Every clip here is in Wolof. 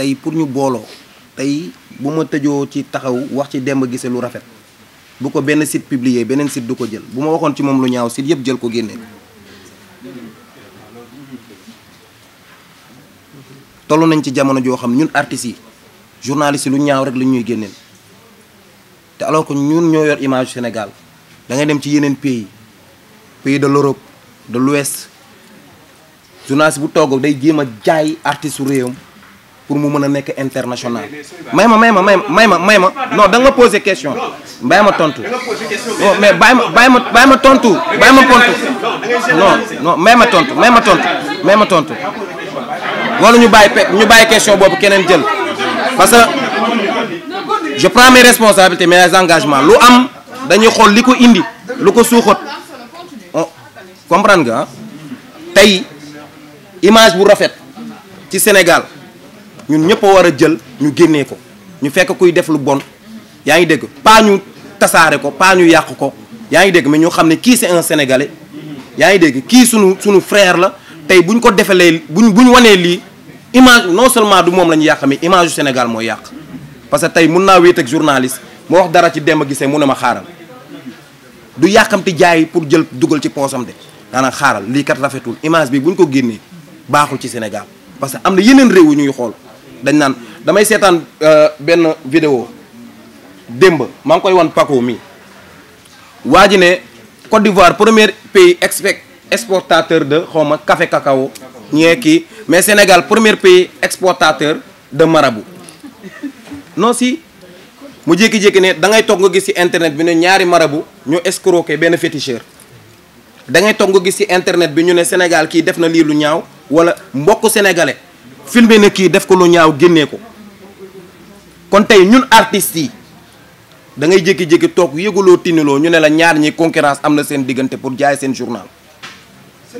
tey pour ñu booloo tey bu ma tëjoo ci taxaw wax ci Demba Guissé lu rafet bu ko benn site publier beneen site du ko jël bu ma waxoon ci moom lu ñaaw site yëpp jël ko génne toll nañ ci jamono joo xam ñun artistes yi journalistes yi lu ñaaw rek la ñuy génneel te alors ko ñun ñoo yor image Sénégal da ngay dem ci yeneen pays pays de l'Europe de l'Ouest journaliste bu togg day jéem a jaay artiste su réewam pour mu mën a nekk international may ma may ma may ma may ma may ma non da nga posé question bàyyi ma tontu non mais bàyyi ma bàyyi ma bàyyi ma tontu bàyyi ma tontu non non may ma tontu may ma tontu may ma tontu wala ñu bàyyi pe ñu bàyyi question boobu keneen jël parce que je prends mes responsabilités mes engagements lu am dañuy xool li ko indi lu ko suuxat comprendre nga ah? tey image bu rafet ci Sénégal ñun ñëpp war a jël ñu génnee ko ñu fekk kuy def lu bon yaa ngi dégg pas ñu tasaare ko paa ñu yàq ko yaa ngi dégg mais ñu xam ne kii c'est un sénégalais yaa ngi dégg kii sunu sunu frère la tey bu ñu ko defalee buñ bu ñu wanee lii image non seulement du moom la ñu yàq image Sénégal mooy yàq parce que tey mun naa wéet ak journaliste moo wax dara ci dem a gisee mu ne ma xaaral du yàkkamti jaay pour jël dugal ci poosam de daanaka xaaral lii kat rafetul image bi bu ñu ko génnee baaxul ci Sénégal parce que am na yeneen réew yu xool dañ naan damay seetaan euh, benn vidéo démb maa ngi koy wan Paco mi waa ji ne Côte d'Ivoire première pays expec exportateur de xawma ma café cacao ñee kii mais Sénégal premier pays exportateur de mara bu non si mu jékki-jékki ne da ngay toog nga gis ci internet bi ne ñaari mara bu ñu escroquer benn féticheur da ngay toog nga gis ci internet bi ñu ne Sénégal kii def na lii lu ñaaw wala mbokk sénégalais filmé na kii def ko lu ñaaw génnee ko kon tey ñun artistes yi da ngay jékki-jékki toog yëguloo tiniloo ñu ne la ñaar ñi concurrence am na seen diggante pour jaay seen journal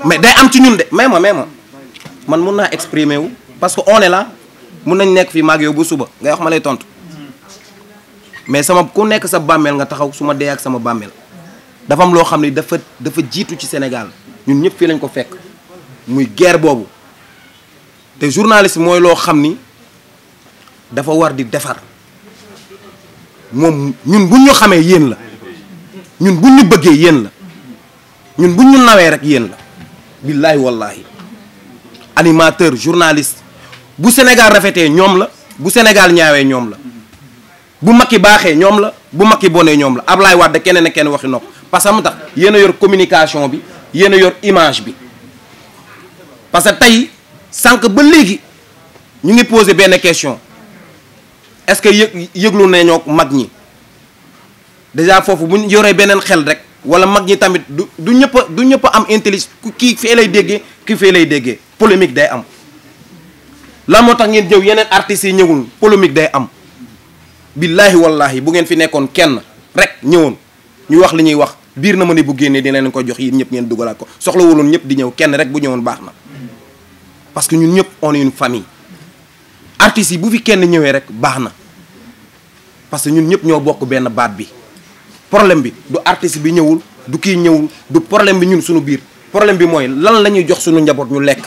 mais day am ci ñun de mais ma mais ma man mun naa exprimer wu parce que on est mun nañ nekk fii maag yow bu suba ngay wax ma lay tontu mais sama ku nekk sa bàmmeel nga taxaw su ma dee ak sama bàmmeel dafa am loo xam ne dafa dafa jiitu ci Sénégal ñun ñëpp fii lañ ko fekk muy guerre boobu te journaliste mooy loo xam ni dafa war di defar moom ñun buñ ñu xamee yéen la ñun bu ñu bëggee yéen la ñun buñ ñu nawee rek yéen la billaahi wallaahi animateur journaliste bu Sénégal rafetee ñoom la bu Sénégal ñaawee ñoom la bu Macky baaxee ñoom la bu Macky bonee ñoom la Ablaye Wade keneen ak kenn waxi nopp parce que mu tax yéen a yor communication bi yéen a yor image bi parce tey sànq ba léegi ñu ngi posé benn question est-ce que yëg yëglu nañoo mag ñi déjà foofu bu ñu yoree beneen xel rek wala mag ñi tamit du du ñëpp du ñëpp a am intelligence kii fee lay déggee kii fee lay déggee polémique day am lan moo tax ngeen ñëw yeneen artistes yi ñëwul polémique day am billaahi wallaahi bu ngeen fi nekkoon kenn rek ñëwoon ñu wax li ñuy wax biir na ma ne bu génnee dinañ ko jox yéen ñëpp ngeen dugalaat ko soxlawuloon ñëpp di ñëw kenn rek bu ñëwoon baax na parce que ñun ñëpp on est une famille artistes yi bu fi kenn ñëwee rek baax na parce que ñun ñëpp ñoo bokk benn baat bi problème bi du artiste bi ñëwul du kiy ñëwul du problème bi ñun suñu biir problème bi mooy lan la ñuy jox suñu njaboot ñu lekk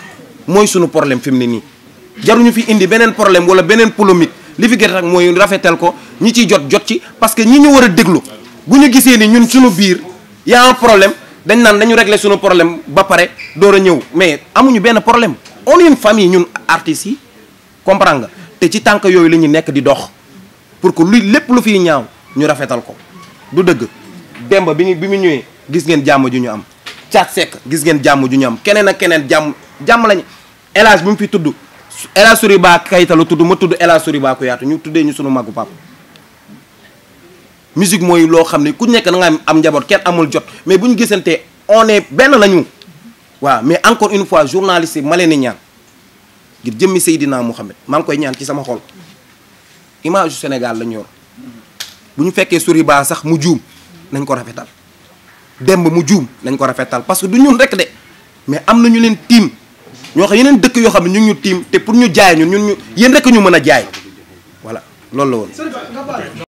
mooy sunu problème fi mu ne nii jaruñu fi indi beneen problème wala beneen polomite li fi gën rek mooy rafetal ko ñi ciy jot jot ci parce que ñi ñu war a déglu bu ñu gisee ni ñun suñu biir y a dañ naan dañu regle suñu problème ba pare door a ñëw mais amuñu benn problème on est une famille ñun artistes yi comprendre nga te ci tànk yooyu lañuy nekk di dox pour que lu lépp lu fiy ñaaw ñu rafetal ko du dëgg demba bi ñu bi mu ñëwee gis ngeen jàmm ju ñu am ca sekk gis ngeen jàmm ju ñu am keneen ak keneen jàmm jàmm lañu élage bi mu fi tudd élage Soriba Kayta la tudd ma tudd élage Soriba ku yaatu ñu tuddee ñu suñu màggu pap musique mooy loo xam ne ku nekk da am njaboot kenn amul jot mais bu ñu gisantee on est benn lañu waaw mais encore une fois journaliste yi ma leen ñaan ngir jëmmi Seydina Mouhamed maa ngi koy ñaan ci sama xol image Sénégal la ñu bu ñu fekkee sori sax mu juum nañ ko rafetal demb mu juum nañ ko rafetal parce que du ñun rek de mais am na ñu leen tiim ñoo xam yeneen dëkk yoo xam ne ñu ñu tiim te pour ñu jaay ñu ñun ñu yéen rek ñu mën a jaay voilà loolu la woon.